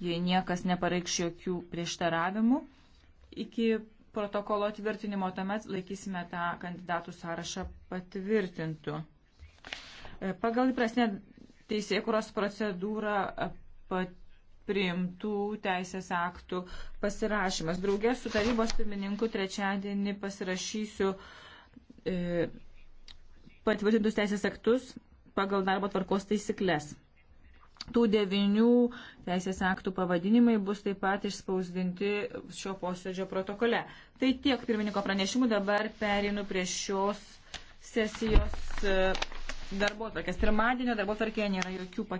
jei niekas nepareikš jokių prieštaravimų. Iki protokolo tvirtinimo tuomet laikysime tą kandidatų sąrašą patvirtintų. E, pagal įprasnę teisėkuros procedūrą e, priimtų teisės aktų pasirašymas. Draugės su tarybos pirmininku trečiadienį pasirašysiu e, patvirtintus teisės aktus pagal darbo tvarkos taisyklės. Tų devinių teisės aktų pavadinimai bus taip pat išspausdinti šio posėdžio protokole. Tai tiek pirmininko pranešimų, dabar perinu prie šios sesijos e, darbo tvarkės. Pirmadienio darbo tvarkėje nėra jokių pakeitimų.